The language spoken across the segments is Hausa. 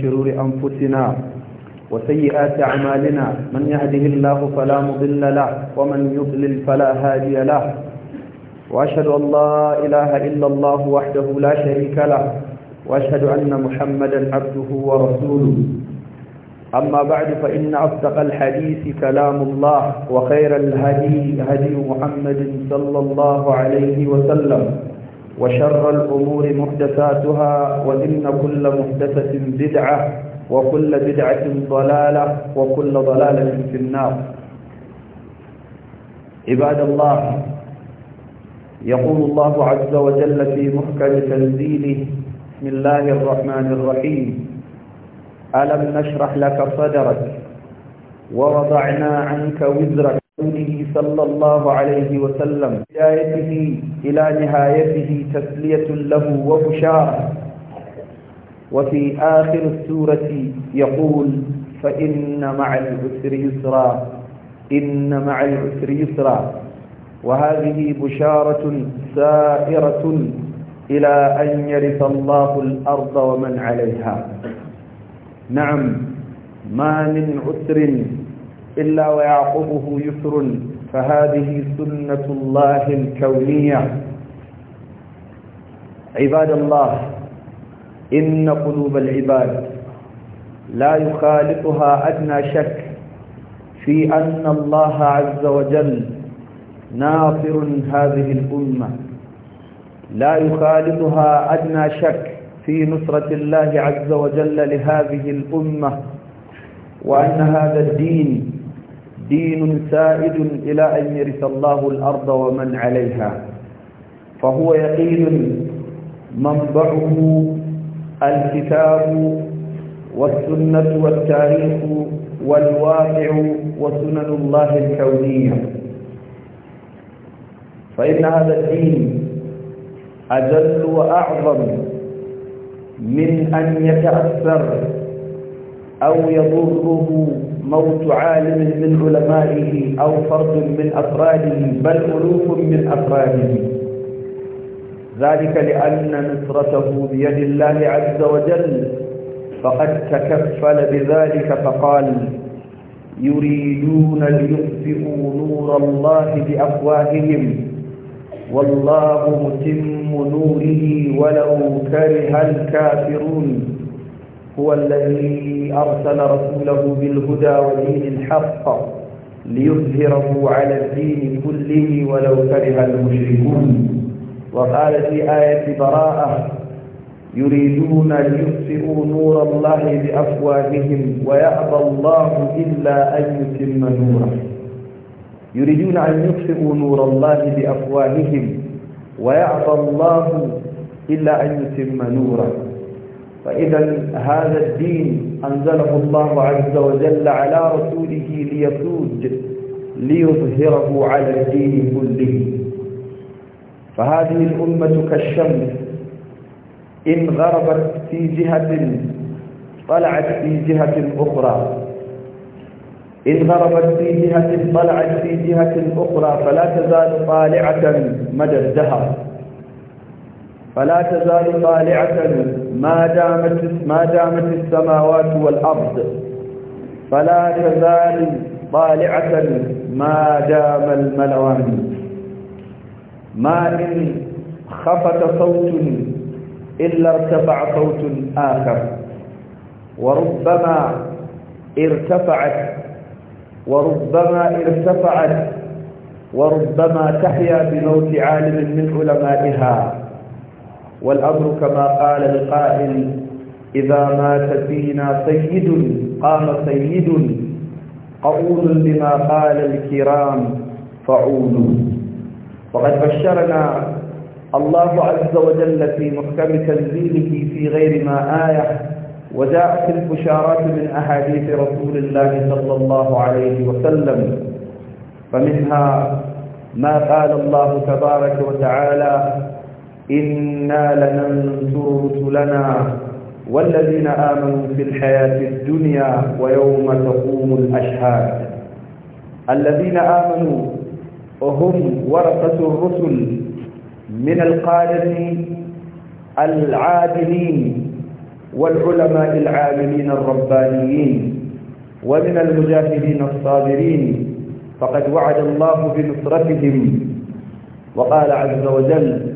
شرور أنفسنا وسيئات أعمالنا من يهده الله فلا مضل له ومن يضلل فلا هادي له وأشهد أن لا إله إلا الله وحده لا شريك له وأشهد أن محمدا عبده ورسوله أما بعد فإن أصدق الحديث كلام الله وخير الهدي هدي محمد صلى الله عليه وسلم وشر الأمور محدثاتها وإن كل محدثة بدعة وكل بدعة ضلالة وكل ضلالة في النار عباد الله يقول الله عز وجل في محكم تنزيله بسم الله الرحمن الرحيم ألم نشرح لك صدرك ووضعنا عنك وزرك صلى الله عليه وسلم بدايته إلى نهايته تسلية له وبشارة وفي آخر السورة يقول فإن مع العسر يسرا إن مع العسر يسرا وهذه بشارة سائرة إلى أن يرث الله الأرض ومن عليها نعم ما من عسر إلا ويعقبه يسر فهذه سنة الله الكونية عباد الله إن قلوب العباد لا يخالطها أدنى شك في أن الله عز وجل ناصر هذه الأمة لا يخالطها أدنى شك في نصرة الله عز وجل لهذه الأمة وأن هذا الدين دين سائد إلى أن يرث الله الأرض ومن عليها فهو يقين منبعه الكتاب والسنة والتاريخ والواقع وسنن الله الكونية فإن هذا الدين أجل وأعظم من أن يتأثر أو يضره موت عالم من علمائه أو فرد من أفراده بل ألوف من أفراده ذلك لأن نصرته بيد الله عز وجل فقد تكفل بذلك فقال يريدون ليطفئوا نور الله بأفواههم والله متم نوره ولو كره الكافرون هو الذي أرسل رسوله بالهدى ودين الحق ليظهره على الدين كله ولو كره المشركون وقال في آية براءة يريدون ليطفئوا نور الله بأفواههم ويأبى الله إلا أن يتم نوره يريدون أن يطفئوا نور الله بأفواههم ويأبى الله إلا أن يتم نوره فإذا هذا الدين أنزله الله عز وجل على رسوله ليسود ليظهره على الدين كله فهذه الأمة كالشمس إن غربت في جهة طلعت في جهة أخرى إن غربت في جهة طلعت في جهة أخرى فلا تزال طالعة مدى الدهر فلا تزال طالعة ما دامت ما دامت السماوات والأرض فلا تزال طالعة ما دام الملوان ما إن خفت صوت إلا ارتفع صوت آخر وربما ارتفعت وربما ارتفعت وربما تحيا بموت عالم من علمائها والأمر كما قال القائل إذا مات فينا سيد قام سيد قول لما قال الكرام فعولوا وقد بشرنا الله عز وجل في محكم تنزيله في غير ما آية وجاءت البشارات من أحاديث رسول الله صلى الله عليه وسلم فمنها ما قال الله تبارك وتعالى إنا لننصر رسلنا والذين آمنوا في الحياة الدنيا ويوم تقوم الأشهاد الذين آمنوا وهم ورثة الرسل من القادة العادلين والعلماء العاملين الربانيين ومن المجاهدين الصابرين فقد وعد الله بنصرتهم وقال عز وجل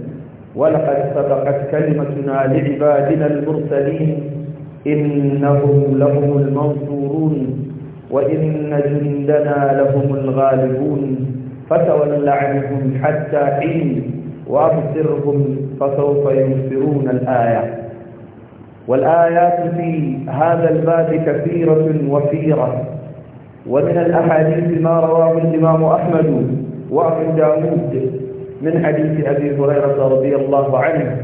ولقد سبقت كلمتنا لعبادنا المرسلين إنهم لهم المنصورون وإن جندنا لهم الغالبون فتول عنهم حتى حين وأبصرهم فسوف يبصرون الآية والآيات في هذا الباب كثيرة وفيرة ومن الأحاديث ما رواه الإمام أحمد وأبو داود من حديث أبي هريرة رضي الله عنه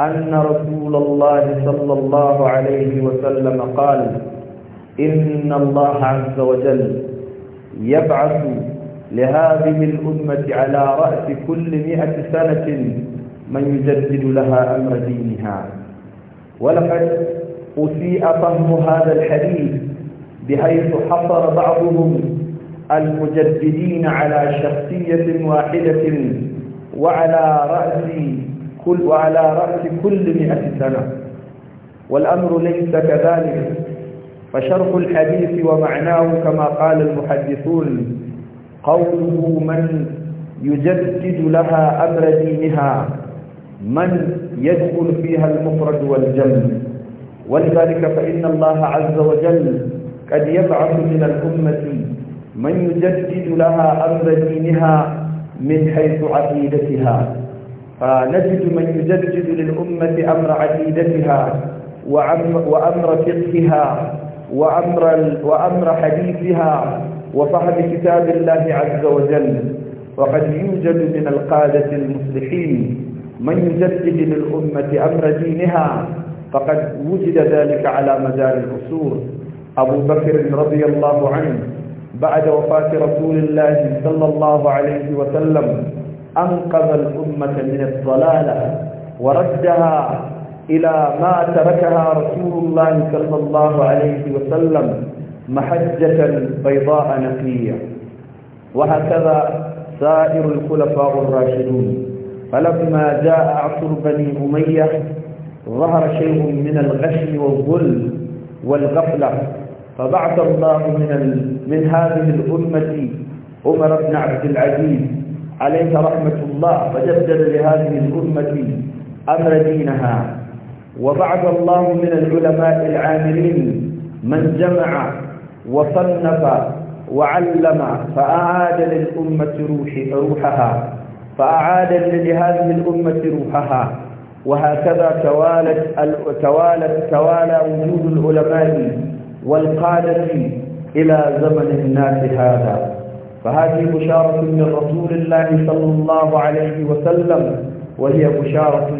أن رسول الله صلى الله عليه وسلم قال إن الله عز وجل يبعث لهذه الأمة على رأس كل مئة سنة من يجدد لها أمر دينها ولقد أسيء فهم هذا الحديث بحيث حصر بعضهم المجددين على شخصية واحدة وعلى رأس كل وعلى رأس كل مئة سنة والأمر ليس كذلك فشرح الحديث ومعناه كما قال المحدثون قوله من يجدد لها أمر دينها من يدخل فيها المفرد والجمع ولذلك فإن الله عز وجل قد يبعث من الأمة من يجدد لها أمر دينها من حيث عقيدتها فنجد من يجدد للأمة أمر عقيدتها وأمر, وأمر فقهها وأمر, وأمر حديثها وفهم كتاب الله عز وجل وقد يوجد من القادة المصلحين من يجدد للأمة أمر دينها فقد وجد ذلك على مدار العصور أبو بكر رضي الله عنه بعد وفاة رسول الله صلى الله عليه وسلم أنقذ الأمة من الضلالة وردها إلى ما تركها رسول الله صلى الله عليه وسلم محجة بيضاء نقية وهكذا سائر الخلفاء الراشدون فلما جاء عصر بني أمية ظهر شيء من الغش والظلم والغفلة فبعث الله من ال... من هذه الأمة عمر بن عبد العزيز عليه رحمة الله فجدد لهذه الأمة أمر دينها وبعث الله من العلماء العاملين من جمع وصنف وعلم فأعاد للأمة روح روحها فأعاد لهذه الأمة روحها وهكذا توالت توالت توالى وجود العلماء والقادة إلى زمن الناس هذا فهذه بشارة من رسول الله صلى الله عليه وسلم وهي بشارة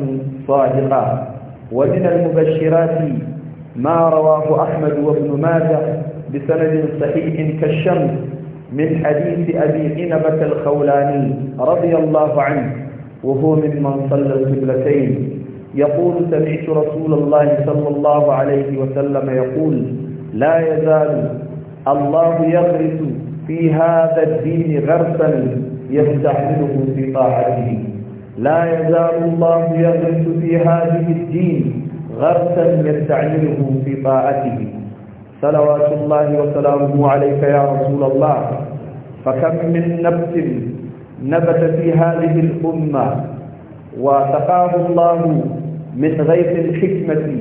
صادقة ومن المبشرات ما رواه أحمد وابن ماجه بسند صحيح كالشمس من حديث أبي حنبة الخولاني رضي الله عنه وهو ممن صلى القبلتين يقول سمعت رسول الله صلى الله عليه وسلم يقول لا يزال الله يغرس في هذا الدين غرسا يستحمله في طاعته لا يزال الله يغرس في هذه الدين غرسا يستعمله في طاعته صلوات الله وسلامه عليك يا رسول الله فكم من نبت نبت في هذه الأمة وسقاه الله من غيث الحكمة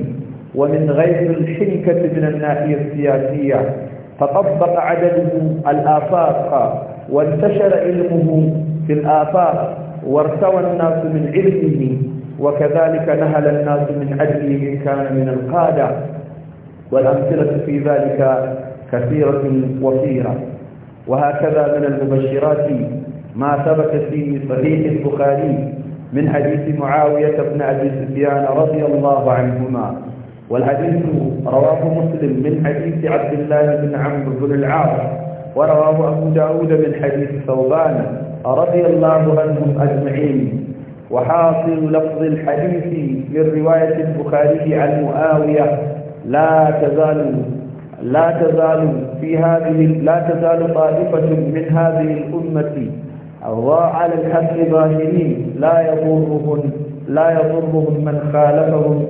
ومن غير الحنكة من الناحية السياسية تطبق عدده الآفاق وانتشر علمه في الآفاق وارتوى الناس من علمه وكذلك نهل الناس من عدله من كان من القادة والأمثلة في ذلك كثيرة وفيرة وهكذا من المبشرات ما ثبت في صحيح البخاري من حديث معاوية بن أبي سفيان رضي الله عنهما والحديث رواه مسلم من حديث عبد الله بن عمرو بن العاص ورواه أبو داود من حديث ثوبان رضي الله عنهم أجمعين وحاصل لفظ الحديث من رواية البخاري عن معاوية لا تزال لا تزال في هذه لا تزال طائفة من هذه الأمة على الحق ظاهرين لا يضرهم لا يضرهم من خالفهم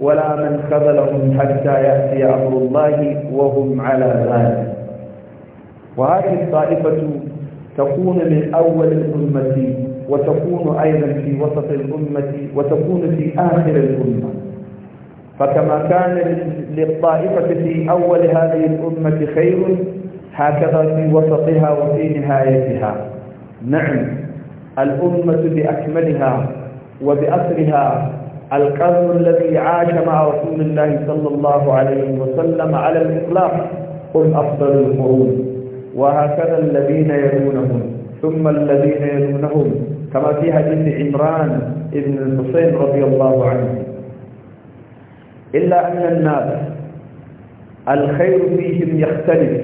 ولا من خذلهم حتى يأتي أمر الله وهم على ذلك وهذه الطائفة تكون من أول الأمة وتكون أيضا في وسط الأمة وتكون في آخر الأمة فكما كان للطائفة في أول هذه الأمة خير هكذا في وسطها وفي نهايتها نعم الأمة بأكملها وبأسرها القرن الذي عاش مع رسول الله صلى الله عليه وسلم على الإطلاق هم أفضل القرون وهكذا الذين يلونهم ثم الذين يلونهم كما في حديث عمران بن الحسين رضي الله عنه إلا أن الناس الخير فيهم يختلف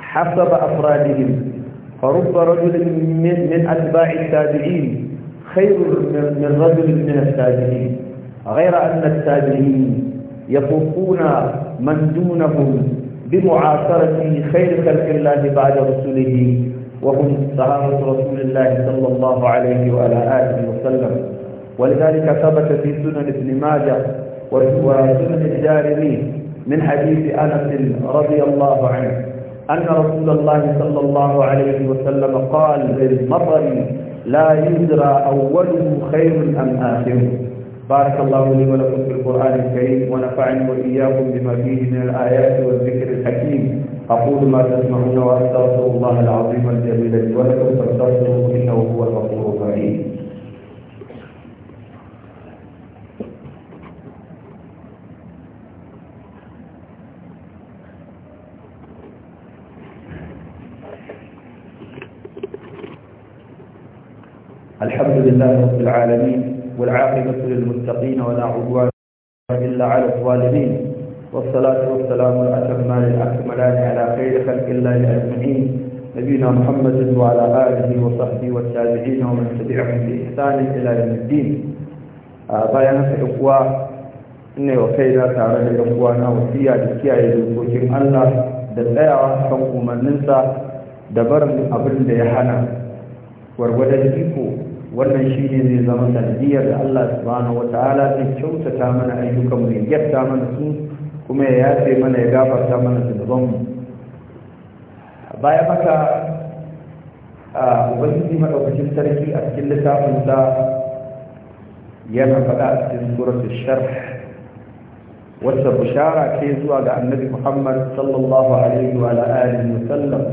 حسب أفرادهم فرب رجل من, من أتباع التابعين خير من رجل من التابعين غير أن التابعين يفوقون من دونهم بمعاصرة خير خلق الله بعد رسوله وهم صحابة رسول الله صلى الله عليه وعلى آله وسلم ولذلك ثبت في سنن ابن ماجه وسنن الدارمي من حديث أنس رضي الله عنه أن رسول الله صلى الله عليه وسلم قال للمطر لا يدرى أوله خير أم آخره بارك الله لي ولكم في القرآن الكريم ونفعني وإياكم بما فيه من الآيات والذكر الحكيم أقول ما تسمعون وأستغفر الله العظيم الجليل لي ولكم فاستغفروه إنه هو الغفور الرحيم الحمد لله رب العالمين والعاقبة للمتقين ولا عدوان إلا على الظالمين والصلاة والسلام الأتمان الأكملان على خير خلق الله أجمعين نبينا محمد وعلى آله وصحبه والتابعين ومن تبعهم بإحسان إلى يوم الدين بيانة الإخوة إني وخيرا تعالى الإخوانا وفيا لكيا يدوكوكم الله دلائع حكم من ننسى دبر من أبن ديحانا wargwadon iko wannan shi ne zai zama sanadiyar da Allah subhanahu wata'ala zai kyautata mana ayyukan mu yadda mana su kuma ya yafe mana ya gafarta mana zunuban mu baya haka a ubangiji madaukakin sarki a cikin littafin sa yana faɗa a cikin suratul sharh wata bishara ke zuwa ga annabi Muhammad sallallahu alaihi wa alihi wa sallam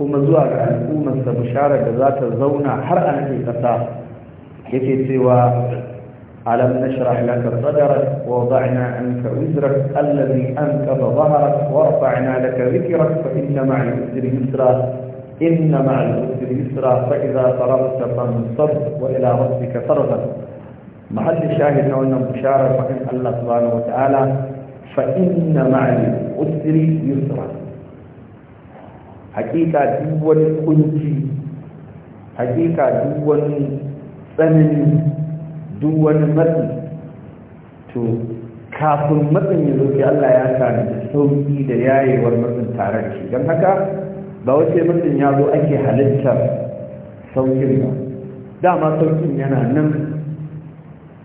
kuma zuwa ga al'ummarsa bisharar da za ta zauna har an nake kasa yake cewa alam nashrah laka sadrak wa wada'na anka wizrak alladhi ankaba dhahrak wa rafa'na laka dhikrak fa inna ma'al usri yusra inna ma'al usri yusra fa idha faragta fansab wa ila rabbika farghab محل شاهد أن بشارة فإن الله سبحانه وتعالى فإن مع العسر yusra hakika duk wani kunci hakika duk wani tsanani duk wani matsi to kafin matsin ya zoke Allah ya sami da sauki da yayewar matsin tare da shi don haka ba wace matsin ya zo ake halittar saukin ba dama saukin yana nan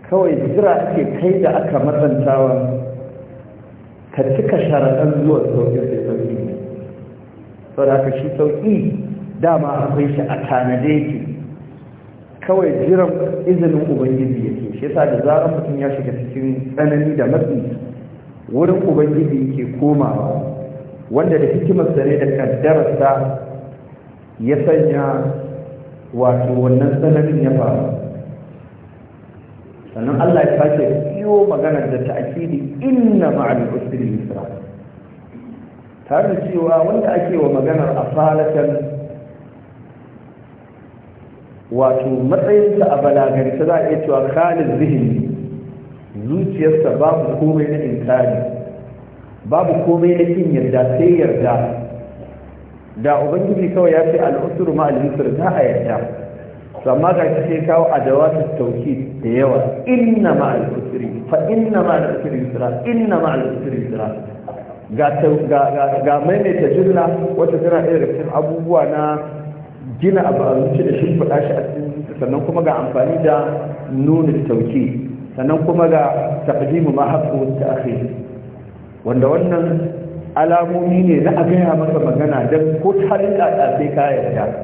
kawai jira ake kai da aka matsantawa ka cika sharaɗan zuwa saukin sai saukin saboda shi sauƙi dama akwai shi a tanade ki kawai jiran izinin ubangiji ke. shi yasa da zaran mutum ya shiga cikin tsanani da matsi wurin ubangiji yake komawa wanda da hikimar ne da kaddararsa ya sanya wato wannan tsananin ya faru sannan Allah ya sake biyo magana da ta'akidi inna ma'al usri yusra tare da cewa wanda ake wa maganar asalatan wato matsayinsa a balagance za a iya cewa kalin zihini zuciyarsa babu komai na inkari babu komai na kin yarda sai yarda da ubangiji kawai ya ce al'usur ma al'usur za a yarda to amma ga shi sai kawo adawatu tauki da yawa inna ma al'usri fa inna ma al'usri yusra inna ma al'usri yusra ga maimaita jumla wata tana ɗaya da cikin abubuwa na gina abu a zuci da shi a cikin sannan kuma ga amfani da nunin tauki sannan kuma ga taqdimu ma wata ake wanda wannan alamomi ne na a gaya masa magana don ko tarin da sai kayan yarda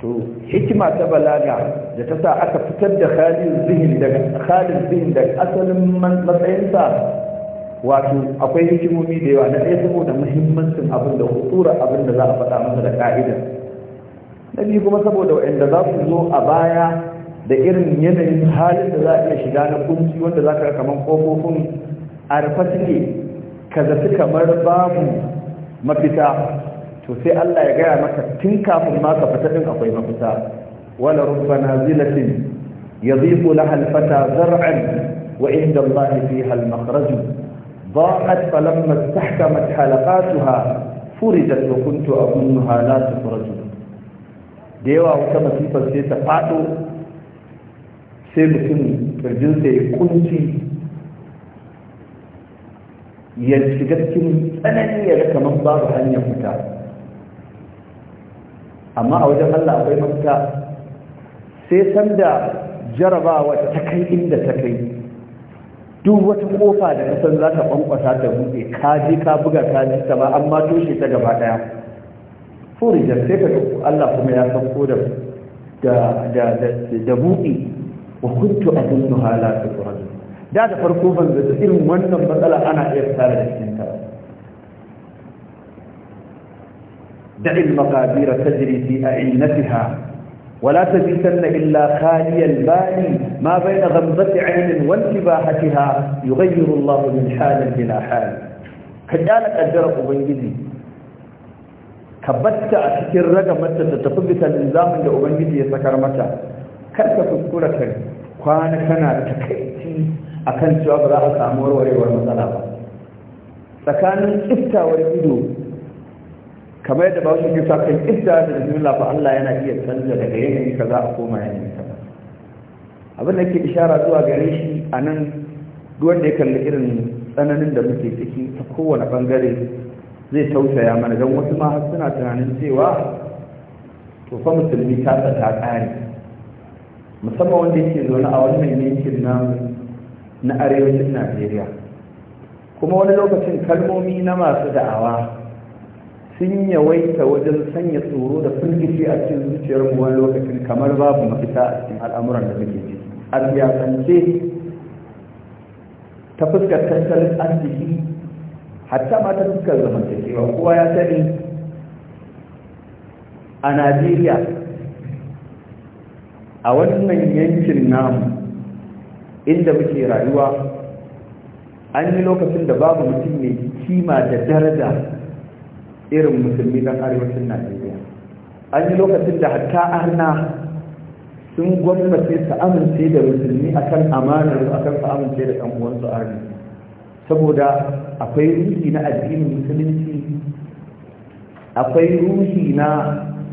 to hikima ta balaga da ta sa aka fitar da khalin zihin daga asalin matsayinsa wato akwai hikimomi da yawa na ɗaya saboda muhimmancin abin da hutura abin da za a faɗa masa da ƙa'ida na biyu kuma saboda waɗanda za su zo a baya da irin yanayin halin da za a iya shiga na kunci wanda za ka kamar ƙofofin a rufe suke ka kamar babu mafita to sai Allah ya gaya maka tun kafin ma ka fita din akwai mafita wala rubbana zilatin yadhiqu laha al-fata zar'an wa inda Allah fiha al-makhraju ضاقت فلما استحكمت حلقاتها فرجت وكنت أظنها لا تفرج ديوا وكما سيفا سيتا فاتو سيبتم فرجلتا يكونتي يشجتكم أنني لك من ضار أن يفتا أما أوجه الله أقول مكة سيسند جربا وتكي إن تكي duk wata kofa da kasan za ta kwankwasa ta buɗe ka je ka buga ka ji ta ba an ma toshe ta gaba ɗaya da, sai ka Allah kuma ya sauko da da buɗe wa kuntu a dun nuhala ta da da farko ban zata irin wannan matsala ana iya fita da cikin ta da ilmaka bira fi a ولا تبيتن إلا خالي الباني ما بين غمضة عين وانتباحتها يغير الله من حال إلى حال كذلك أجر أبنجدي كبت أتكر رقمة تتطبط النظام عند أبنجدي يسكر متى كرت تذكرك كان كان تكيتي أكن سؤال رأس أمور وري والمطلبة فكان إفتى والإدو kamar yadda ba shi kisa kan idda da bismillah fa Allah yana iya canza daga yanayi kaza a koma yanayi kaza abin da ke ishara zuwa gare shi a nan wanda ya kalli irin tsananin da muke ciki ta kowane bangare zai tausaya mana don wasu ma har suna tunanin cewa to fa musulmi ta ta kare? musamman wanda yake zaune a wannan yankin na na arewacin najeriya kuma wani lokacin kalmomi na masu da'awa sun yawaita wajen sanya tsoro da firgici a cikin zuciyar wani lokacin kamar babu mafita a cikin al'amuran da muke ciki a siyasance ta fuskar tattalin arziki hatta ma ta fuskar zamantakewa kowa ya sani a najeriya a wannan yankin namu inda muke rayuwa an yi lokacin da babu mutum mai kima da daraja irin musulmi don arewacin najeriya an yi lokacin da hatta arna sun gwamnati su amince da musulmi akan amanar su akan su amince da ɗan uwansu arna saboda akwai ruhi na addinin musulunci akwai ruhi na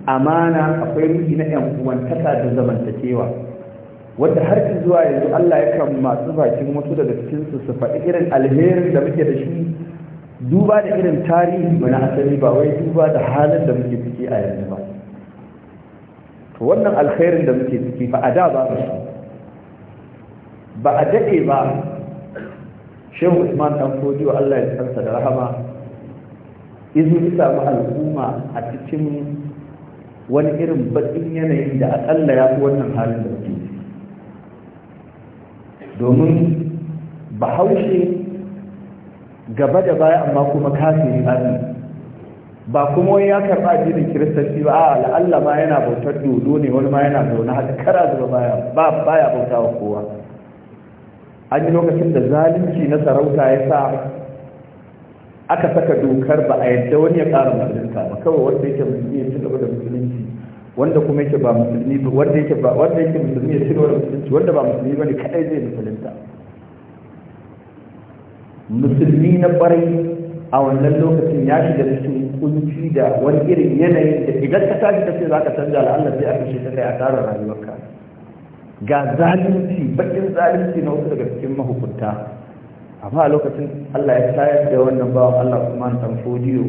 amana akwai ruhi na yan uwantaka da zamantakewa wanda har zuwa yanzu Allah ya kan masu bakin wasu daga cikinsu su su faɗi irin alherin da muke da shi duba da irin tarihi wani asali ba wai duba da halin da muke ciki a yanzu ba to wannan alkhairin da muke ciki ba a da ba ba a daɗe ba shehu usman dan fodiyo allah ya sansa da rahama izu ta samu al'umma a cikin wani irin baƙin yanayin da aƙalla ya fi wannan halin da muke domin bahaushe gaba da baya amma kuma kafiri ne ba kuma wani ya karɓa addinin kiristanci ba a la'alla ma yana bautar dodo ne wani ma yana zaune haka kara zuba baya ba baya bauta wa kowa an yi lokacin da zalunci na sarauta ya sa aka saka dokar ba a yadda wani ya ƙara musulunta ba kawai wanda yake musulmi ya ci gaba da musulunci wanda kuma yake ba musulmi ba wanda yake musulmi ya ci gaba da musulunci wanda ba musulmi ba ne kadai zai musulunta musulmi na ƙwarai a wannan lokacin ya shiga cikin kunci da wani irin yanayi da idan ka tashi ka ce za ka canza al'adar sai a kashe ta kai a tsarin rayuwarka ga zalunci bakin zalunci na wasu daga cikin mahukunta amma a lokacin allah ya tayar da wannan bawan allah usman tamfodiyo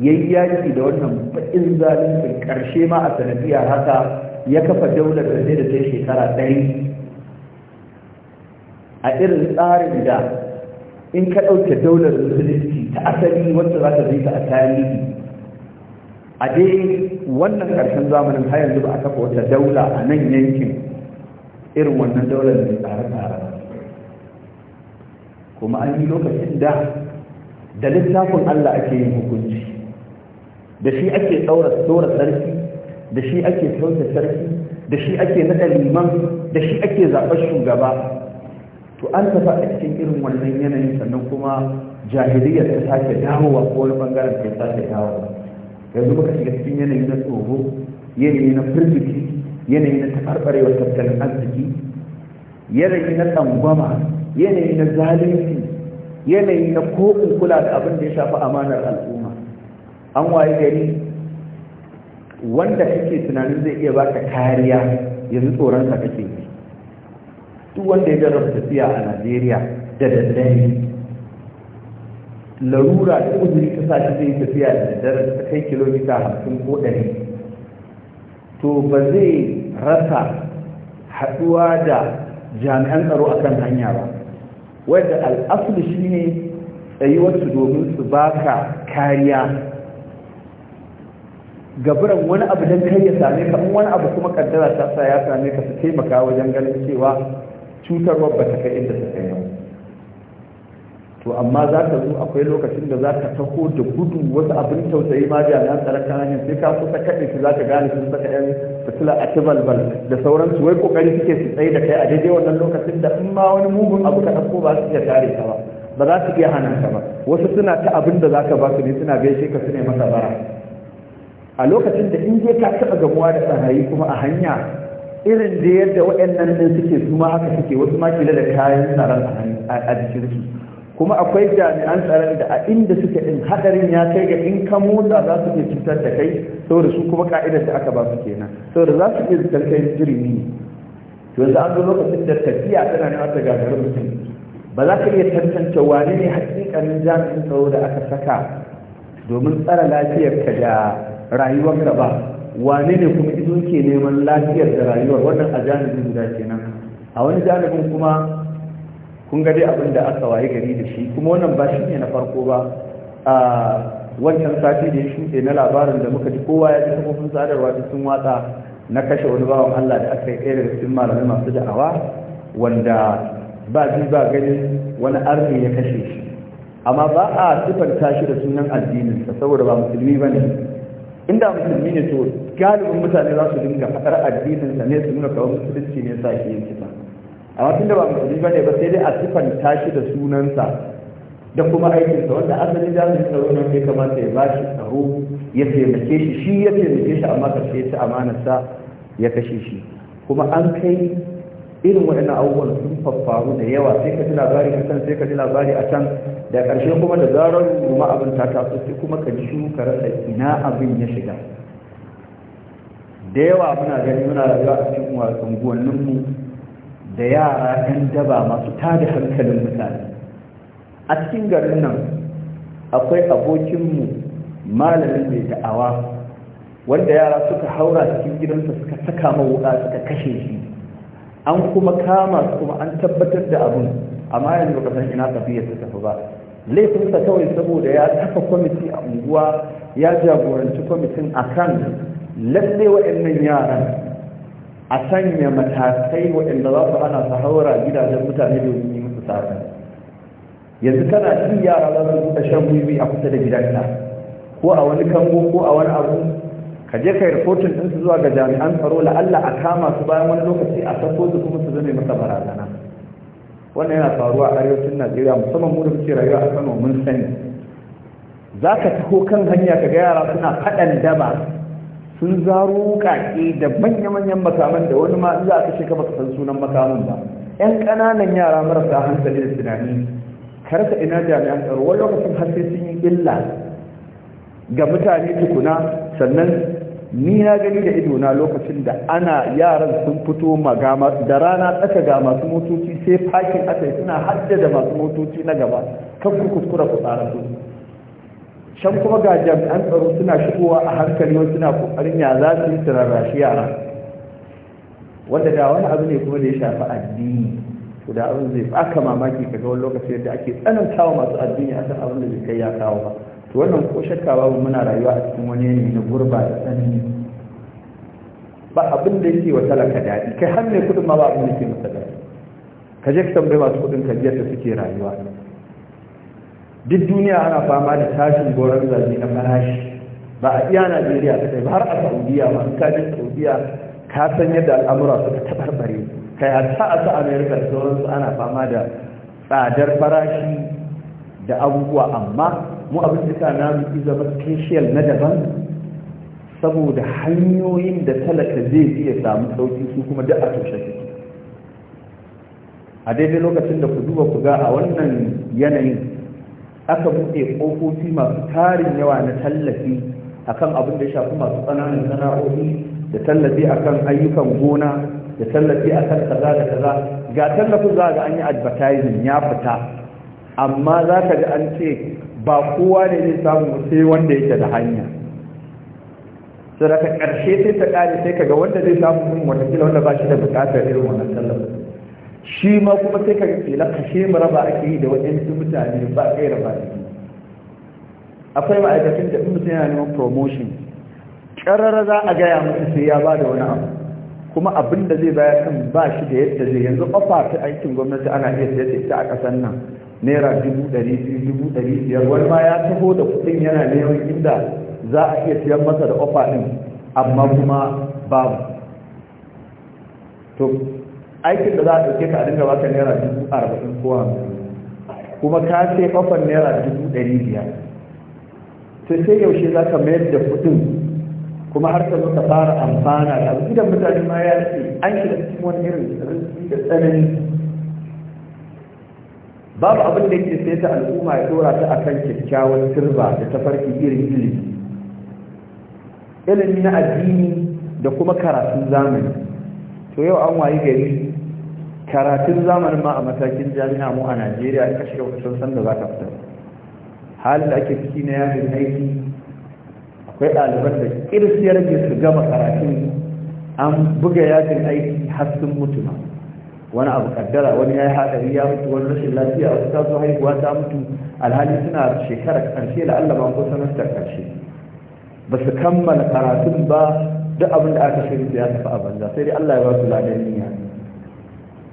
ya yi yaki da wannan bakin zalunci karshe ma a sanadiyar haka ya kafa daular da zai da ta shekara ɗari a irin tsarin da in ka ɗauke daular musulunci ta asali wacce za ta zai ta a tarihi a dai wannan ƙarshen zamanin har yanzu ba a kafa wata daula a nan yankin irin wannan daular mai tsare-tsare kuma an yi lokacin da da littafin Allah ake yin hukunci da shi ake ɗaura sarki da shi ake sauta sarki da shi ake naɗa liman da shi ake zaɓar shugaba to an tafa a cikin irin wannan yanayin sannan kuma jahiliya ta sake dawowa ko wani bangaren ta sake dawowa yanzu muka shiga cikin yanayi na tsoro yanayi na firgiti yanayi na tafarbarewa tattalin arziki yanayi na tsangwama yanayi na zalunci yanayi na ko kula da abin da ya shafi amanar al'umma an waye gari wanda kake tunanin zai iya baka kariya yanzu tsoronsa kake yi duk wanda ya jarraba tafiya a najeriya da daddare larura da uzuri ta sa shi zai tafiya da daddare ta kai kilomita hamsin ko ɗari to ba zai rasa haɗuwa da jami'an tsaro akan hanya ba wadda al'asul shi ne tsayuwarsu domin su baka kariya gaburan wani abu don kai ya same ka in wani abu kuma kaddara ta sa ya same ka su taimaka wajen ganin cewa cutarwa ba ta kai inda ta kai ba to amma za ka zo akwai lokacin da za ka taho da gudu wasu abin tausayi ma da na tsara kan hanyar sai ka so ta kaɗe su za ka gane sun saka yan fitila a tibalbal da sauransu wai kokari suke su tsaye da kai a daidai wannan lokacin da in ma wani mugun abu ka ɗauko ba su iya tare ka ba ba za su iya hana ka ba wasu suna ta abin da za ka ba su ne suna gaishe ka su ne masa bara a lokacin da in je ka taɓa gamuwa da tsanayi kuma a hanya irin da yadda waɗannan din suke su ma haka suke wasu ma kila da kayan tsaron a jikinsu kuma akwai jami'an tsaron da a inda suke in hadarin ya kai ga in ka motsa za su iya cutar da kai saboda su kuma ka'idar da aka ba su kenan saboda za su iya zutar kai jirimi yanzu an zo lokacin da tafiya tana nema ta gagarin mutum ba za ka iya tantance wane ne hakikanin jami'in tsaro da aka saka domin tsara lafiyar ka da rayuwarka ba wane ne kuma ido ke neman lafiyar da rayuwar wannan a janibin guda kenan a wani janibin kuma kun ga dai abin da aka waye gari da shi kuma wannan ba shi ne na farko ba a wancan sati da ya shuɗe na labarin da muka ji kowa ya ji kafofin sadarwa da sun watsa na kashe wani bawan Allah da aka yi ɗaya daga cikin malamai masu da'awa wanda ba ji ba ganin wani arni ya kashe shi amma ba a sifanta shi da sunan addininsa saboda ba musulmi ba ne inda musulmi ne to galibin mutane za su dinga fadar addinin sa ne su nuna kawai musulunci ne sa ke yin kisa amma tun da ba musulmi ba ne ba sai dai a sifan tashi da sunansa da kuma aikinsa wanda asali za su yi tsaro ne ya kamata ya shi tsaro ya taimake shi shi ya taimake shi amma ƙarshe ya amanar amanarsa ya kashe shi kuma an kai irin waɗannan abubuwan sun faffaru da yawa sai ka ji labari a can sai ka ji labari a can da ƙarshe kuma da zarar ruma abin ta taso sai kuma ka ji shuka rasa ina abin ya shiga da yawa muna gani muna rayuwa a cikin wasanguwanninmu da yara 'yan daba masu tada hankalin mutane a cikin garin nan akwai abokinmu malamin mai da'awa wanda yara suka haura cikin gidansa suka saka mawuka suka kashe shi an kuma kama su kuma an tabbatar da abin amma yanzu ka san ina tafiya ta tafi ba laifinsa kawai saboda ya tafa kwamiti a unguwa ya jagoranci kwamitin a kan lalle waɗannan yaran a sanya matakai waɗanda za su hana su haura gidajen mutane domin yi musu sata yanzu kana cin yara za su buɗe shan wiwi a kusa da gidanka ko a wani kango ko a wani abu ka je kai reportin din su zuwa ga jami'an tsaro la Allah a kama su bayan wani lokaci a sako su kuma su zame masa barazana wannan yana faruwa a arewacin Najeriya musamman mu da muke rayuwa a Kano mun sani za ka taho kan hanya ka ga yara suna faɗan daba sun zaro kake da manya-manyan makaman da wani ma za a kashe ka baka san sunan makaman ba yan ƙananan yara marasa hankali da tunani karsa ina jami'an tsaro wani lokacin har sai sun yi illa ga mutane tukuna sannan ni na gani da ido na lokacin da ana yaran sun fito magama da rana tsaka ga masu motoci sai fakin aka suna da masu motoci na gaba kan ku kuskura ku tsara su can kuma ga jami'an tsaro suna shigowa a hankali wasu suna kokarin ya za su yi turarrashi yara wanda da wani abu ne kuma da ya shafi addini to da abin zai baka mamaki kaga wani lokaci yadda ake tsanantawa masu addini a san abin da bai kai ya kawo ba to wannan ko shakka babu muna rayuwa a cikin wani yanayi na gurba da tsanani ba abin da yake wa talaka daɗi kai har mai kuɗin ma ba abin da yake masa daɗi ka je ka tambayi masu kuɗin ka da suke rayuwa duk duniya ana fama da tashin goron zabi na farashi ba a iya najeriya ta ba har a saudiya ma ka je saudiya ka san yadda al'amura suka taɓarɓare kai hatta a su amerika da sauransu ana fama da tsadar farashi da abubuwa amma mu abin da sa na mu zama special na daban saboda hanyoyin da talaka zai iya samu sauki su kuma da a tushe su a daidai lokacin da ku duba ku ga a wannan yanayin aka buɗe ƙofofi masu tarin yawa na tallafi akan abin da ya shafi masu tsananin sana'o'i da tallafi akan ayyukan gona da tallafi akan kaza da kaza ga tallafin za ga an yi advertising ya fita amma za ka ga an ce ba kowa ne zai samu sai wanda yake da hanya sai daga ƙarshe sai ta ƙare sai kaga wanda zai samu mun wata kila wanda ba shi da buƙatar irin wannan sallar shi ma kuma sai kaga kila kashe mu raba ake yi da waɗansu mutane ba kai raba ne akwai ma'aikacin da in mutum yana neman promotion ƙarara za a gaya musu sai ya ba da wani abu kuma abin da zai bayar kan ba shi da yadda zai yanzu ofa ta aikin gwamnati ana iya sayar da ita a ƙasar nan naira dubu ɗari biyu dubu ɗari biyar wani ma ya taho da kuɗin yana neman inda za a iya siyan masa da ofa ɗin amma kuma babu to aikin da za a ɗauke ka a dinga baka naira dubu arba'in ko hamsin kuma ka ce ofan naira dubu ɗari biyar to sai yaushe za ka mayar da kuɗin kuma har ka zo ka fara amfana da idan mutane ma ya ce an shiga cikin wani irin rinsi da tsanani babu abin da yake sai ta al'umma ya dora ta kan kyakkyawan sirba da ta tafarki irin ilimi ilimi na addini da kuma karatun zamani to yau an wayi gari karatun zamanin ma a matakin jami'a mu a Najeriya aka shiga kusan san da za ka fita halin da ake ciki na yajin aiki akwai ɗaliban da kirsiyar ke su gama karatun an buga yakin aiki har sun mutu wani abu kaddara wani ya yi haɗari ya mutu wani rashin lafiya wasu ta zo haihuwa ta mutu alhali suna shekara ƙarshe da allah ba ko sanarta ƙarshe ba su kammala karatun ba duk abin da aka shirin ya tafi a banza sai dai allah ya ba su ladan niyya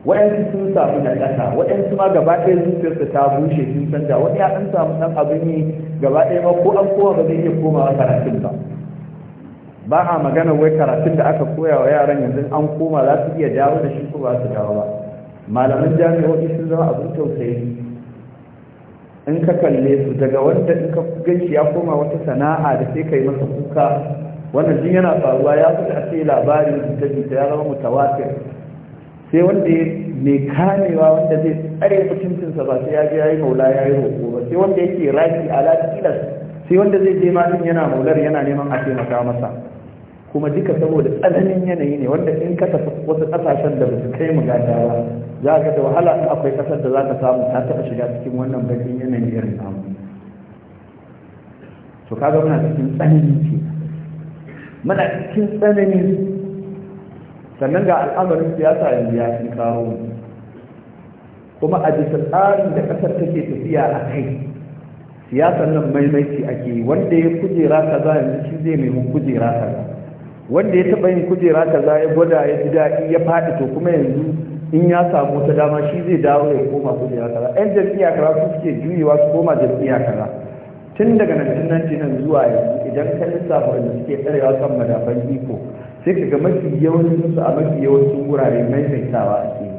waɗansu sun samu na ƙasa waɗansu ma gaba ɗaya zuciyarsa ta bushe sun canja wani ya ɗan samu ɗan abin yi gaba ɗaya ma ko an kowa ba zai iya komawa karatun ba ba a magana wai karatun da aka koya wa yaran yanzu an koma za su iya dawo da shi ko ba su dawo ba malaman jami'o'i sun zama abin tausayi in ka kalle su daga wanda in ka ganshi ya koma wata sana'a da sai ka yi masa kuka wannan jin yana faruwa ya fi a ce labarin da jita ya zama mutawatir sai wanda ya mai kamewa wanda zai tsare mutuncinsa ba sai ya ji ya yi maula ya yi roƙo ba sai wanda yake raki ala tilas sai wanda zai je ma yana maular yana neman a taimaka masa kuma duka saboda tsananin yanayi ne wanda in ka tafi wasu kasashen da basu kai mu gada ba za ka da wahala in akwai kasar da za ka samu ta taɓa shiga cikin wannan bakin yanayi irin namu to kaga muna cikin tsanani ce muna cikin tsanani sannan ga al'amarin siyasa yanzu ya fi kawo kuma a bisa tsarin da kasar take tafiya a kai siyasar nan maimaiti ake wanda ya kujera kaza yanzu shi zai mai kujera kaza wanda ya taba yin kujera kaza ya gwada ya ji daɗi ya faɗi to kuma yanzu in ya samu ta dama shi zai dawo ya koma kujera kaza yan jam'iyya kaza su suke juyewa su koma jam'iyya kaza tun daga nan nan zuwa yanzu idan ka lissafa wanda suke tsarewa kan madafan iko sai ka ga mafi yawancin su a mafi yawancin wurare maimaitawa a yi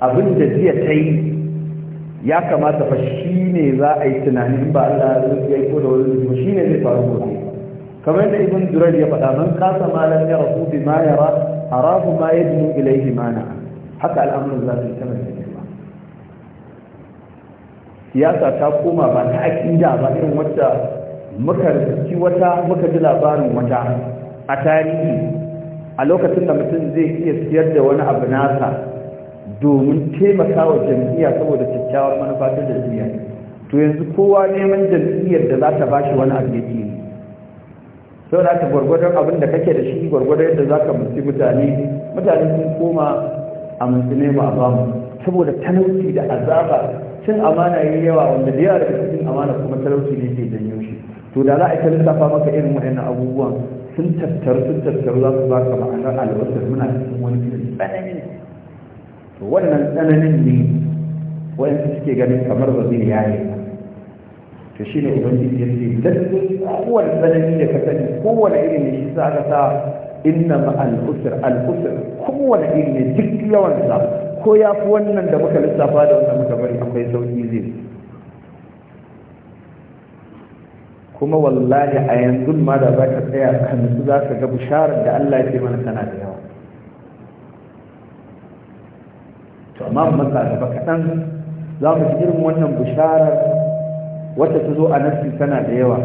abin da jiya ta yi ya kamata fa shi ne za a yi tunanin ba Allah ya yi ko da wani shi ne zai faru gobe kamar da ibn durar ya faɗa man kasa malam ya rasu bi ma yara arafu ma yadnu ilaihi mana haka al'amuran za su yi kamar da girma siyasa ta koma ba ta da ba irin wacce muka rikici wata muka ji labarin wata a tarihi a lokacin da mutum zai iya siyar da wani abu nasa domin taimaka wa jam'iyya saboda kyakkyawar manufa ta jam'iyya to yanzu kowa neman jam'iyyar da za ta bashi wani abu yake sau da ka gwargwadon abin da kake da shi gwargwadon yadda za ka mutu mutane mutane sun koma a musulmi ba ba mu saboda talauci da azaba cin amana yi yawa wanda da yawa da cikin amana kuma talauci ne ke janyo shi to da za a ta lissafa maka irin waɗannan abubuwan sun tattaru sun tattaru za su ba ka ma'anar albarkar muna cikin wani irin tsananin to wannan tsananin ne waɗansu suke ganin kamar ba zai yaye ba to shi ne ubangiji ya ce lallai kowane tsanani da ka sani kowane irin ne shi sa aka sa inna ma al'usir al'usir kowane irin ne duk yawansa ko ya fi wannan da muka lissafa da wanda muka bari akwai sauki zai kuma wallahi a yanzu ma da za ka tsaya kan su za ka ga bisharar da Allah ya ce mana tana da yawa to amma ka gaba kaɗan za mu ji irin wannan bisharar Wata ta zo a nafsi tana da yawa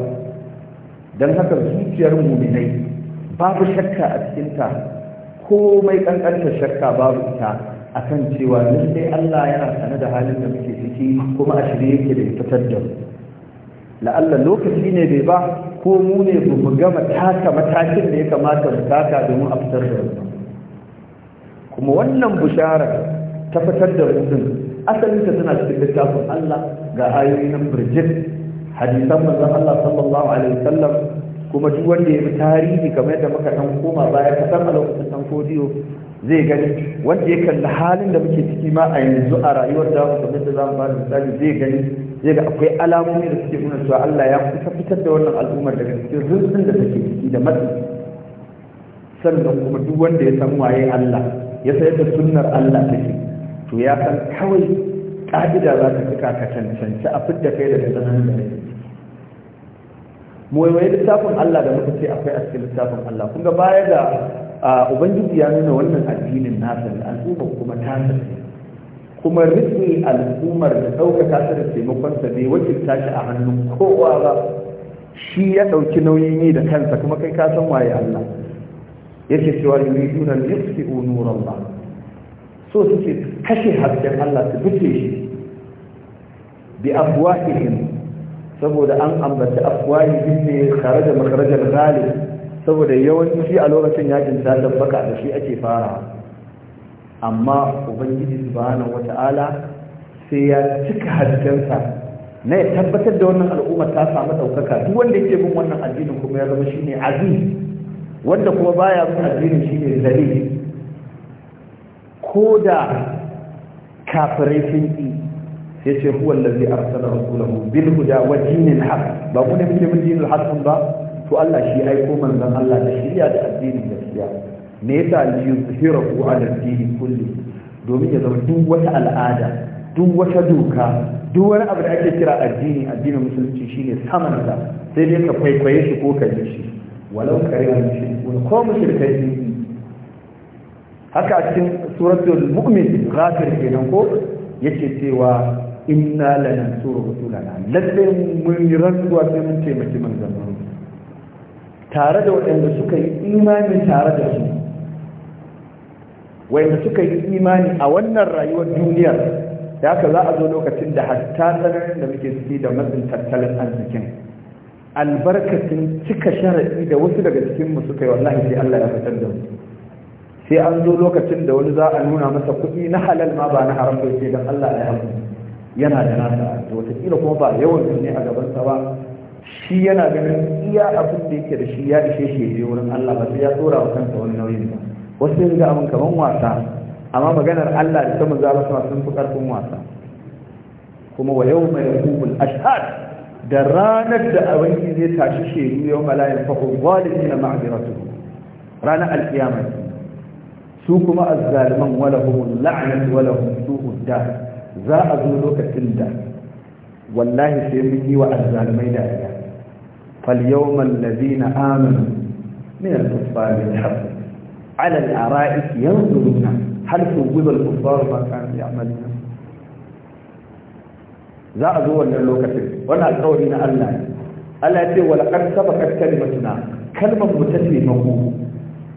don haka zuciyar muminai babu shakka a cikinta komai ƙanƙantar shakka babu ita akan cewa lallai Allah yana sane da halin da muke ciki kuma a shirye yake da fitar da mu la'alla lokaci ne bai ba ko mu ne ba mu gama taka matakin da ya kamata mu taka domin a fitar da mu kuma wannan bishara ta fitar da mutum, din asalin ta tana cikin littafin Allah ga ayoyin na birjit hadisan manzon Allah sallallahu alaihi wasallam kuma duk wanda ya fi tarihi kamar yadda muka dan koma baya san a lokacin san kodiyo zai gani wanda ya kalli halin da muke ciki ma a yanzu a rayuwar da mu kamar da zamu bada misali zai gani zai ga akwai alamomi da suke nuna cewa Allah ya kusa fitar da wannan al'ummar daga cikin rutsin da take ciki da matsi sannan kuma duk wanda ya san waye Allah ya sayar da sunnar Allah take to ya san kawai ƙa'ida za ka fika ka cancanci a fidda kai daga zanen da ne muwaimai littafin Allah da muka ce akwai a cikin littafin Allah kun ga baya da ubangiji ya nuna wannan addinin nasa da al'umma kuma tasa kuma riƙe al'ummar da ɗaukaka ta da taimakonsa ne wajen shi a hannun kowa ba shi ya ɗauki nauyin yi da kansa kuma kai ka san waye Allah yake cewa yuriduna liyusfi'u ba. so suke kashe hasken Allah su buce shi bi afwahihim saboda an ambaci afwahihim ne kharaja makharaja ghalib saboda yawanci a lokacin yakin ta tabbaka da shi ake fara amma ubangiji subhanahu wata'ala sai ya cika haskensa na ya tabbatar da wannan al'ummar ta samu ɗaukaka duk wanda yake bin wannan addinin kuma ya zama shine aziz wanda kuma baya bin addinin shine zalil ko da kafirai sun yi ya ce huwa allazi arsala rasulahu bin huda wa dinil haqq ba ku ne muke bin dinil haqq ba to Allah shi aiko manzon Allah da shirya da addinin gaskiya me yasa li yuzhirahu ala dini kulli domin ya zama duk wata al'ada duk wata doka duk wani abu da ake kira addini addinin musulunci shine saman sa sai dai ka kwaikwaye shi ko ka yi shi walau kare wani shi ko mushrikaihi haka a cikin suratul mu'min ghafir kenan ko yake cewa inna lanansuru rusulana lalle mun yi rantsuwa sai mun man manzannin tare da waɗanda suka yi imani tare da su waɗanda suka yi imani a wannan rayuwar duniyar da haka za a zo lokacin da hatta sanar da muke ciki da matsin tattalin arzikin albarkacin cika sharaɗi da wasu daga cikinmu suka yi wallahi sai Allah ya fitar da mu sai an zo lokacin da wani za a nuna masa kuɗi na halal ma ba na haram ba sai dan Allah ya hamu yana da nasa to wataƙila kuma ba yawan ne a gaban sa ba shi yana ganin iya abin da yake da shi ya ishe shi ya wurin Allah ba sai ya tsora wa kansa wani nauyin ba wasu yanzu abin kaman wasa amma maganar Allah da ta manzo Allah sun fi ƙarfin wasa kuma wa yau yawma yaqumul ashhad da ranar da abinci zai tashi shehu yau malayin fahu zalimina ma'aziratu ranar alkiyama su kuma azzaliman wala humul la'nat wala hum su'ud da za a zo lokacin da wallahi sai mun yi wa azzalimai dariya fal yawmal ladina amanu min al-kuffar yadhhabu ala al-ara'ik yanzuruna hal tughib al-kuffar ma kanu ya'maluna za a zo wannan lokacin wannan alƙawari na Allah Allah ya ce wa laqad sabaqat kalimatuna kalmar mutafi mako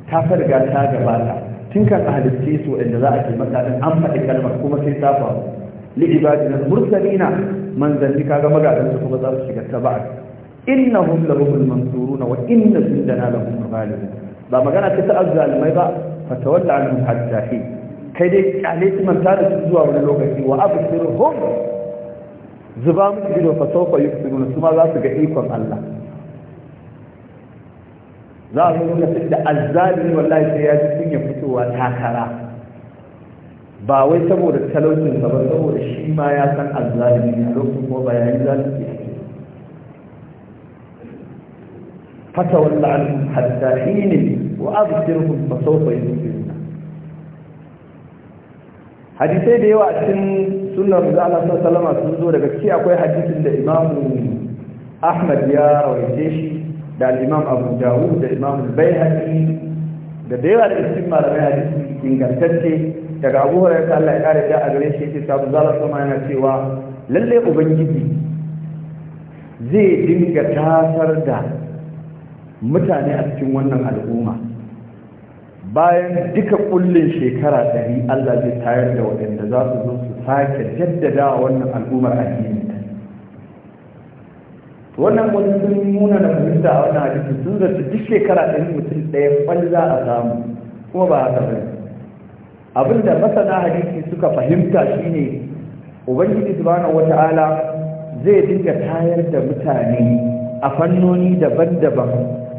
ta farga ta gabata كان أهل الكيس وإن ذاك المكان أما إكان محكومة كتابة لعبادنا المرسلين من ذلك هذا أن تكون مدار الشكل تبعك إنهم لهم المنصورون وإن جندنا لهم الغالب لا كانت أن تتأذى الميضة فتولى عنهم حتى حين كذلك عليك من تارس الزوا من اللغة وأبصرهم زبامك بلو فسوف يكسرون ثم لا تقعيكم الله za a zo lokacin da azzalimi wallahi sai ya ji kunya fitowa takara ba wai saboda talaucin ba saboda shi ma ya san azzalimi a lokacin ko bayanin zalunci ne عنهم حتى حين وأبصرهم فسوف يبصرون hadisai da yawa a cikin sunan da Allah sallallahu alaihi wasallam sun zo daga ciki akwai hadisin da Imamu Ahmad ya rawaice shi da al'imam abu jawo da imam bayhaqi da da yawa da cikin malamai hadisi ingantacce daga abu hurairah Allah ya kare da a gare shi yake sabu zalla kuma yana cewa lallai ubangiji zai dinga tasar da mutane a cikin wannan al'umma bayan duka kullin shekara ɗari Allah zai tayar da waɗanda za su zo su sake jaddada wannan al'ummar addini wannan wani sun muna da fahimta a wannan hadisi sun zata duk shekara ɗari mutum ɗaya ƙwal za a samu kuma ba haka ba abin da masana hadisi suka fahimta shine ubangiji subhanahu wata'ala zai dinga tayar da mutane a fannoni daban-daban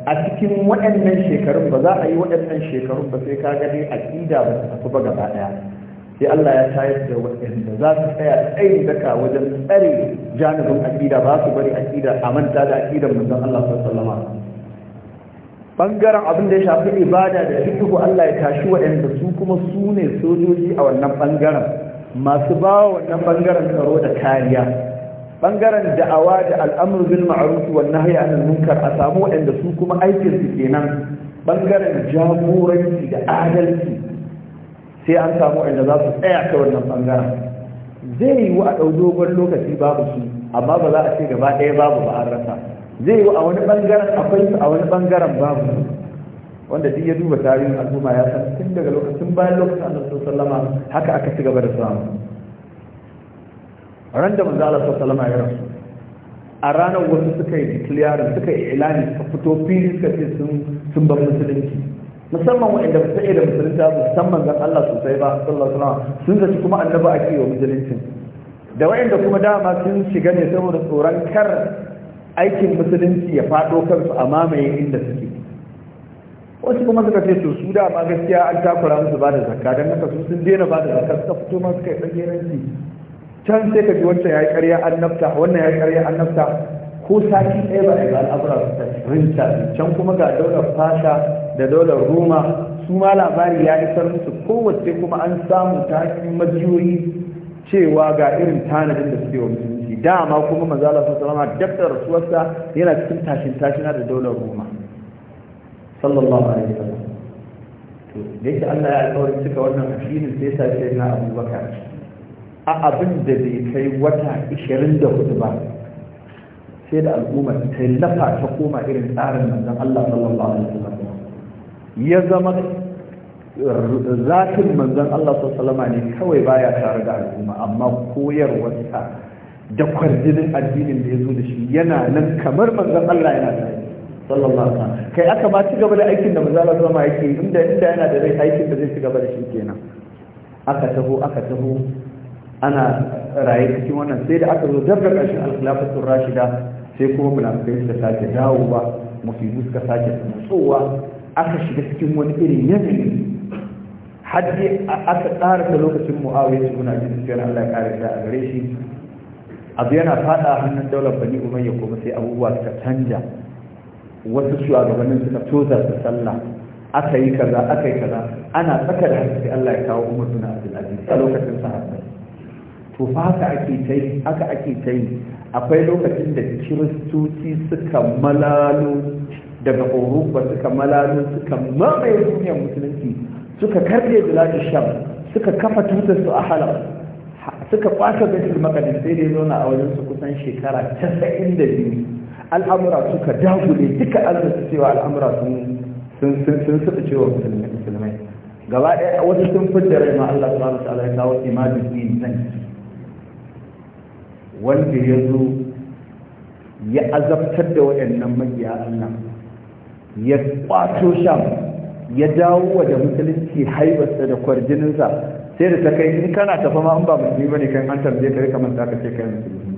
a cikin waɗannan shekarun ba za a yi waɗannan shekarun ba sai ka gani aƙida ba ta tafi ba gaba ɗaya sai Allah ya tayar da waɗanda za su tsaya tsayin daka wajen tsare janibin aƙida ba su bari aƙida a manta da aƙidan manzon Allah Sallama. alaihi bangaren abin da ya shafi ibada da fiqhu Allah ya tashi waɗanda su kuma su ne sojoji a wannan bangaren masu ba wannan bangaren tsaro da kariya bangaren da'awa da al'amur bin ma'ruf wan nahyi anil munkar a samu waɗanda su kuma aikin su kenan bangaren jagoranci da adalci sai an samu inda za su tsaya ta wannan bangaren zai yi wa a ɗau dogon lokaci babu su amma ba za a ce gaba ɗaya babu ba an rasa zai yi a wani bangaren akwai su a wani bangaren babu su. wanda duk ya duba tarihin al'umma ya san tun daga lokacin bayan lokacin annabi wasallam haka aka ci gaba da samu ran da manzo Allah sallallahu alaihi wasallam a ranar wasu suka yi clearance suka yi ilani suka fito fili suka ce sun sun bar musulunci musamman waɗanda ba sai da musulunta ba musamman zan Allah sosai ba sallallahu alaihi wasallam sun zaci kuma annabi ake yi wa musuluncin da waɗanda kuma dama sun shiga ne saboda tsoron kar aikin musulunci ya faɗo kansu a mamaye inda suke wasu kuma suka ce to su dama gaskiya an takura musu ba da zakka don haka su sun daina ba da zakka suka fito ma suka yi tsageranci can sai ka ji wancan ya yi ƙarya annabta wannan ya yi ƙarya annabta ko sati ɗaya ba a ga al'amura su rinta can kuma ga daular fasha da daular roma su ma labari ya isar musu kowace kuma an samu ta majiyoyi cewa ga irin tanadin da suke wa musulunci dama kuma mazala su salama duk da rasuwarsa yana cikin tashin tashina da daular roma sallallahu alaihi wa to da yake Allah ya alƙawarin cika wannan addinin sai sa sai na abubakar a abin da zai kai wata 24 ba sai da al'umma ta lafa ta koma irin tsarin manzon Allah sallallahu alaihi wasallam ya zama zafin manzon Allah sallallahu alaihi ne kawai baya tare da al'umma amma koyarwarsa da kwarjinin addinin da ya zo da shi yana nan kamar manzon Allah yana tare sallallahu alaihi wasallam kai aka ma ci gaba da aikin da manzon Allah sallallahu alaihi wasallam yake inda yana da aikin da zai ci gaba da shi kenan aka taho aka taho ana raye cikin wannan sai da aka zo dabda ƙarshen alkhilafatul rashida sai kuma munafikai suka sake dawowa musibu suka sake tsowa aka shiga cikin wani irin yanayi har dai aka tsara ta lokacin muawiya su muna jin cikin Allah ya kare da gare shi abu yana fada hannun daular bani umayya kuma sai abubuwa suka canja wasu shugabannin suka toza su sallah aka yi kaza aka yi kaza ana tsaka da sai Allah ya kawo umar suna abdulaziz a lokacin sahabbai to fa haka ake tai haka ake tai akwai lokacin da kiristoci suka malalo daga oruba suka malalo suka mamaye duniyar musulunci suka karfe biladu sham suka kafa tutar su a halar suka kwashe baitul maqdis sai dai zauna a wajen su kusan shekara 92 al'amura suka dagule duka arziki cewa al'amura sun suka cewa musulmai gaba ɗaya wasu sun fitar rai ma Allah subhanahu wa ta'ala ya kawo imanin din nan wanda ya zo ya azabtar da waɗannan magiya Allah ya kwato sham ya dawo wa da musulunci haibarsa da kwarjininsa sai da ta kai in kana tafa ma in ba musulmi bane kan an tambaye ka kamar manta ka ce kai musulmi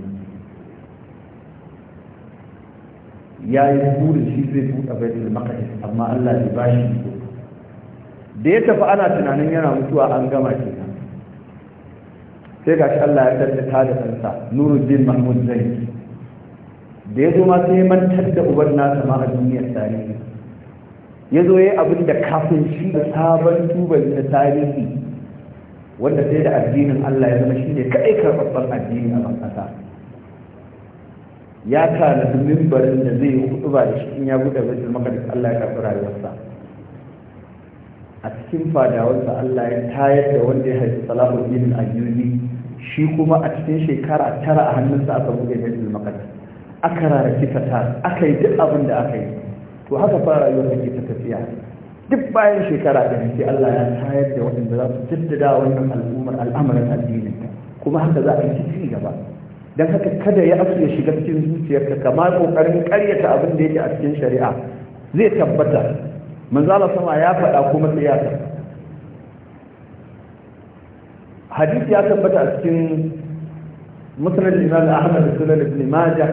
ya yi burin shi zai buɗe da maqdis amma Allah ya bashi da ya tafi ana tunanin yana mutuwa an gama kenan sai ga shi Allah ya ta da kansa din Mahmud zai da ya zo ma sai mantar da uban nasa ma a duniyar tarihi ya zo ya abin da kafin shi da sabon tuban da tarihi wanda sai da addinin Allah ya zama shi ne kaɗai karɓaɓɓen addini a ƙasa ya tana da mimbarin da zai hudu ba da shi in ya buɗe wajen makaris Allah ya karɓi rayuwarsa a cikin fadawarsa Allah ya tayar da wanda ya haifi salahuddin ayyubi shi kuma a cikin shekara tara a hannunsa aka buga baitul maqdis aka rarraki fata aka yi duk abin da aka yi to haka fara rayuwar take ta tafiya duk bayan shekara da sai Allah ya tayar da waɗanda za su jaddada wannan al'ummar al'amarin addinin kuma haka za a yi ci gaba don haka kada ya asu ya shiga cikin zuciyarka kamar kokarin karyata abin da yake a cikin shari'a zai tabbata manzala sama ya faɗa kuma tsiyasa hadisi ya tabbata a cikin musnad imam ahmad da sunan ibn maja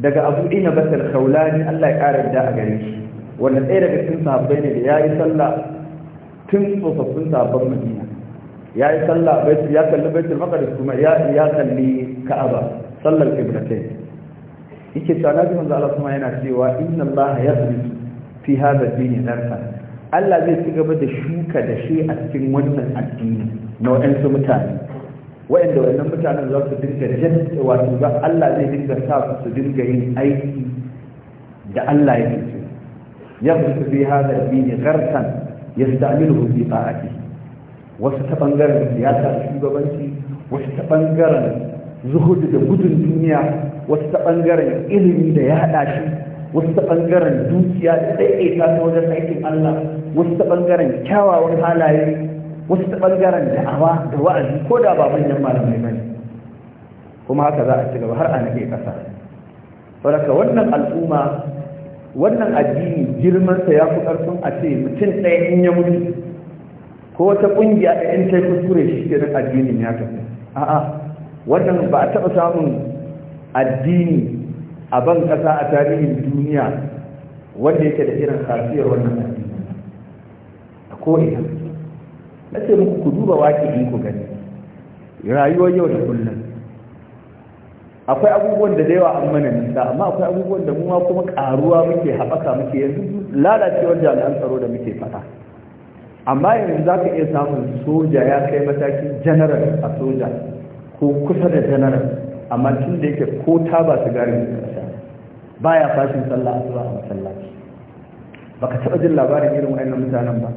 daga abu ina basar kaulani allah ya kara da a gare shi wanda ɗaya daga cikin sahabbai ne da ya yi sallah tun tsofaffin sahabban madina ya yi sallah ya kalli baitul maqdis kuma ya kalli ka'aba sallar ibrahim yake cewa na ji manzo Allah kuma yana cewa inna Allah yasbi fi hadha ad-din darsa Allah zai ci gaba da shuka da shi a cikin wannan addini na waɗansu mutane waɗanda waɗannan mutanen za su dinga jaddada wato ba Allah zai dinga sa su su dinga yin aiki da Allah ya ce Ya fi ya ad-din gharsan yasta'miluhu a ta'ati wasu ta bangaren siyasa shugabanci wasu ta ɓangaren zuhudu da gudun duniya wasu ta bangaren ilimi da ya haɗa shi wasu ta ɓangaren dukiya da tsaye ta wajen aikin Allah wasu ta ɓangaren kyawawan halaye wasu ta ɓangaren da'awa da wa'azi ko da ba manyan malamai ba ne kuma haka za a ci gaba har a nake ƙasa saboda wannan al'umma wannan addini girman sa ya fi ƙarfin a ce mutum ɗaya in ya mutu ko wata ƙungiya da in ta kuskure shi ke addinin ya tafi a'a wannan ba a taɓa samun addini a ban kasa a tarihin duniya wanda yake da irin safiyar wannan addini a ko'ina na ce muku ku duba waƙi ku gani rayuwar yau da kullum akwai abubuwan da da yawa an mana nisa amma akwai abubuwan da mu ma kuma ƙaruwa muke haɓaka muke yanzu lalacewar jami'an tsaro da muke faɗa amma yanzu za ka iya samun soja ya kai matakin janaral a soja ko kusa da janaral amma tun da yake ko ta ba su gari baya fashin sallah asuba a masallaci baka taba jin labarin irin wayannan mutanen ba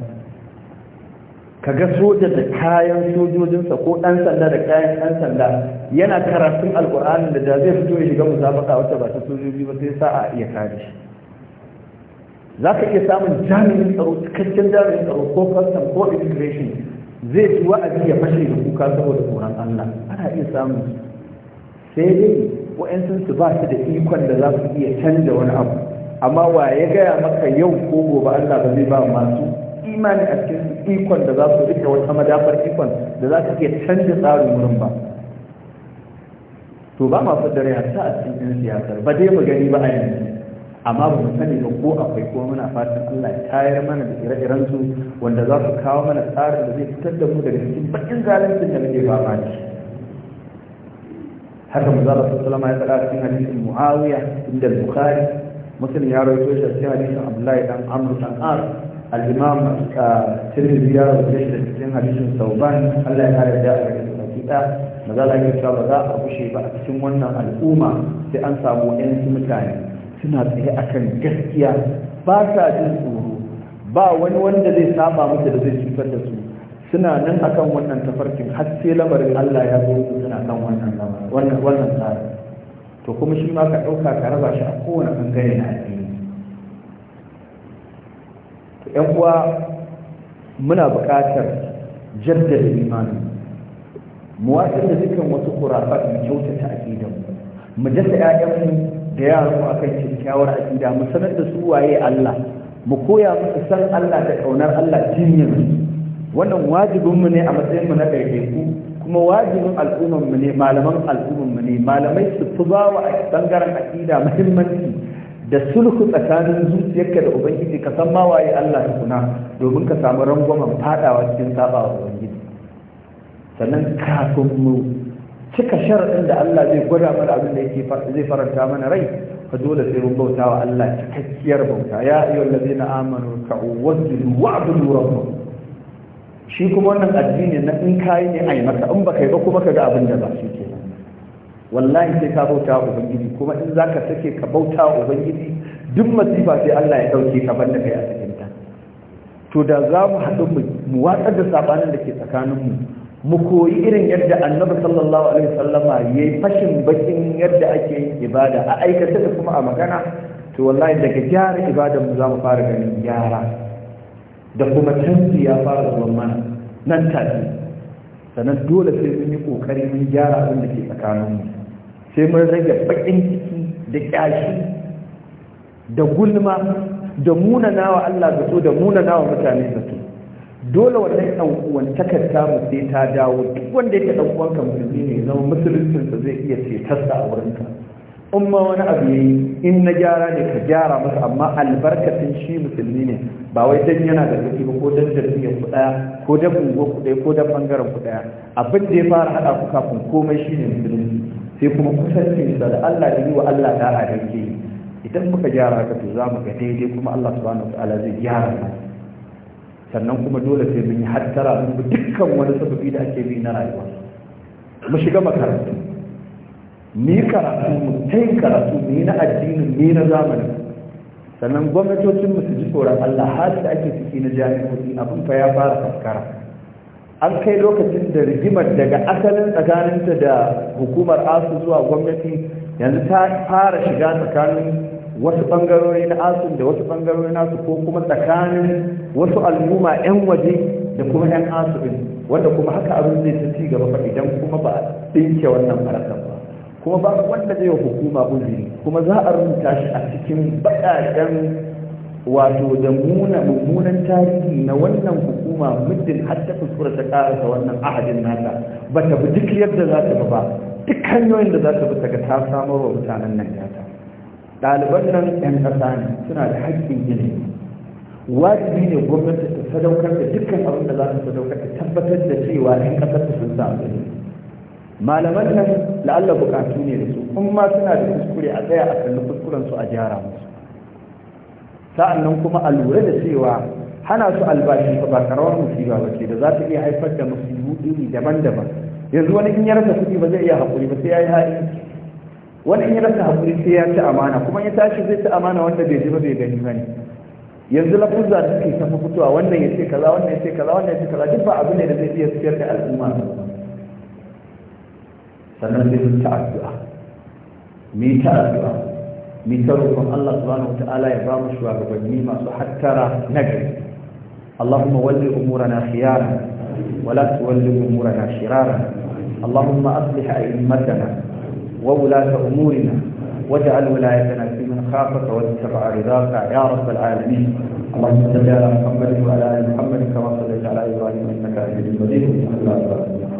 kaga soja da kayan sojojinsa ko dan sanda da kayan dan sanda yana karatun alqur'ani da da zai fito ya shiga musabaka wata ba ta sojoji ba sai sa'a iya kare shi zaka iya samun jami'in tsaro cikakken jami'in tsaro ko custom ko immigration zai ci wa'azi ya fashe da kuka saboda tsoron Allah ana iya samun sai dai waɗansu su ba su da ikon da za su iya canza wani abu amma wa ya gaya maka yau ko gobe Allah ba zai ba masu imani a cikin ikon da za su rike wata madafar ikon da za su iya canza tsarin wurin ba to ba fa dare hatta a cikin yan siyasar ba dai mu gani ba a yanzu amma ba mu sani ba ko akwai ko muna fatan Allah ya tayar mana da ire-iren su wanda za su kawo mana tsarin da zai fitar da mu daga cikin bakin zalunci da muke fama da shi haka mu za alaihi ya ya cikin hadisin muawiya inda bukhari muslim ya rawaito shi a cikin hadisin abdullahi dan amr dan ar al-imam uh, tirmidhi ya rawaito shi cikin hadisin sauban Allah ya kare da hakika a yi ce ba za a bushe ba a cikin wannan al'umma sai an samu yan mutane suna tsaye akan gaskiya ba sa jin tsoro ba wani wanda zai saba musu da zai cutar da su suna nan akan wannan tafarkin har sai lamarin Allah ya zo suna kan wannan wannan wannan tsari to kuma shi ma ka ɗauka ka raba shi a kowane bangare na addini to ƴan uwa muna buƙatar jaddada imani mu watsar da dukkan wasu kurafat mu kyautata aqidan mu dasa ƴaƴanmu da yaran mu akan kyakkyawar aqida mu sanar da su waye Allah mu koya musu san Allah da kaunar Allah jinyar su wannan wajibinmu ne a matsayinmu na ɗaiɗaiku kuma wajibin al'ummarmu ne malaman al'ummarmu ne malamai su fi ba wa ɓangaren aƙida muhimmanci da sulhu tsakanin zuciyarka da ubangiji ka san ma waye Allah tukuna domin ka samu rangwamen fadawa cikin saba wa ubangiji sannan kafin mu cika sharaɗin da Allah zai gwada mana abin da yake zai faranta mana rai fa dole sai mun bauta wa Allah cikakkiyar bauta ya ayyuhallazina amanu ka'u wa wa'budu rabbakum shi kuma wannan addini na in kai ne a yi maka in baka yi ba kuma ka ga abin da ba shi ke wallahi sai ka bauta wa ubangiji kuma in za ka sake ka bauta wa ubangiji duk masifa sai Allah ya ɗauke ka banda kai a ta to da za mu haɗu mu watsar da sabanin da ke tsakaninmu mu koyi irin yadda annabi sallallahu alaihi wasallama ya yi fashin bakin yadda ake yin ibada a aikata da kuma a magana to wallahi daga gyara ibadan mu za mu fara ganin gyara da kuma canji ya fara zuwan mana nan take sannan dole sai mun yi kokari mun gyara abin da ke tsakaninmu sai mun rage bakin ciki da kyashi da gulma da munana wa Allah zato da munana wa mutane zato dole wannan ɗan'uwan takarta mu sai ta dawo duk wanda yake ɗan'uwanka musulmi ne zama musuluncinsa zai iya ce tasa a wurinka in ma wani abu in na gyara ne ka gyara masa amma albarkacin shi musulmi ne ba wai don yana da kake ba ko dan jirgin ku ɗaya ko don unguwar ku ɗaya ko don bangaren ku ɗaya abin da ya fara haɗa ku kafin komai shi ne musulmi sai kuma kusancin da Allah da yi wa Allah da a rage idan muka gyara ka to za mu ga daidai kuma Allah subhanahu wataala zai gyara ka. sannan kuma dole sai mun yi hattara mun bi dukkan wani sababi da ake bi na rayuwa mu shiga makarantu ni karatu mu tai karatu ne na addinin ne na zamani sannan gwamnatocin mu su ji tsoron Allah har da ake ciki na jami'o'i abin fa ya fara kaskara an kai lokacin da rigimar daga asalin tsakaninta da hukumar asu zuwa gwamnati yanzu ta fara shiga tsakanin wasu bangarori na asun da wasu bangarori nasu ko kuma tsakanin wasu al'umma 'yan waje da kuma 'yan asu wanda kuma haka abin zai ta ci gaba idan kuma ba a ɗinke wannan farasar ba kuma ba wanda zai hukuma uzuri kuma za a rubuta shi a cikin baɗaɗen, wato da mummunan tarihi na wannan hukuma muddin har ta kuskura ta karasa wannan ahadin nata ba ta bi duk yadda za ta ba duk hanyoyin da za ta bi daga ta samar wa mutanen nan yata ɗaliban nan 'yan ƙasa ne suna da haƙƙin ilimi wajibi ne gwamnati ta sadaukar da dukkan abin da za ta sadaukar ta tabbatar da cewa 'yan ƙasar ta sun samu ilimi malaman nan la'alla bukatu ne da su kuma suna da kuskure a tsaya a kalli kuskuren su a gyara musu sa'annan kuma a lura da cewa hana su albashi ba karawar musiba ba ce da za ta iya haifar da musibu iri daban-daban yanzu wani in ya rasa kuɗi ba zai iya haƙuri ba sai ya yi haɗi wani in ya rasa haƙuri sai ya ci amana kuma ya tashi zai ci amana wanda bai ji ba bai gani ba ne yanzu lafuzza suke tafi fitowa wannan ya ce kaza wannan ya ce kaza wannan ya ce kaza duk ba abu ne da zai iya siyar da al'umma ba sannan sai ميتا ميتا addu'a mi ta addu'a mi ta roƙon Allah subhanahu اللهم ول أمورنا خيارا ولا تول أمورنا شرارا اللهم أصلح أئمتنا وولاة أمورنا واجعل ولايتنا في من خافك واتبع رضاك يا رب العالمين اللهم صل على محمد وعلى ال محمد كما صليت على ابراهيم انك حميد مجيد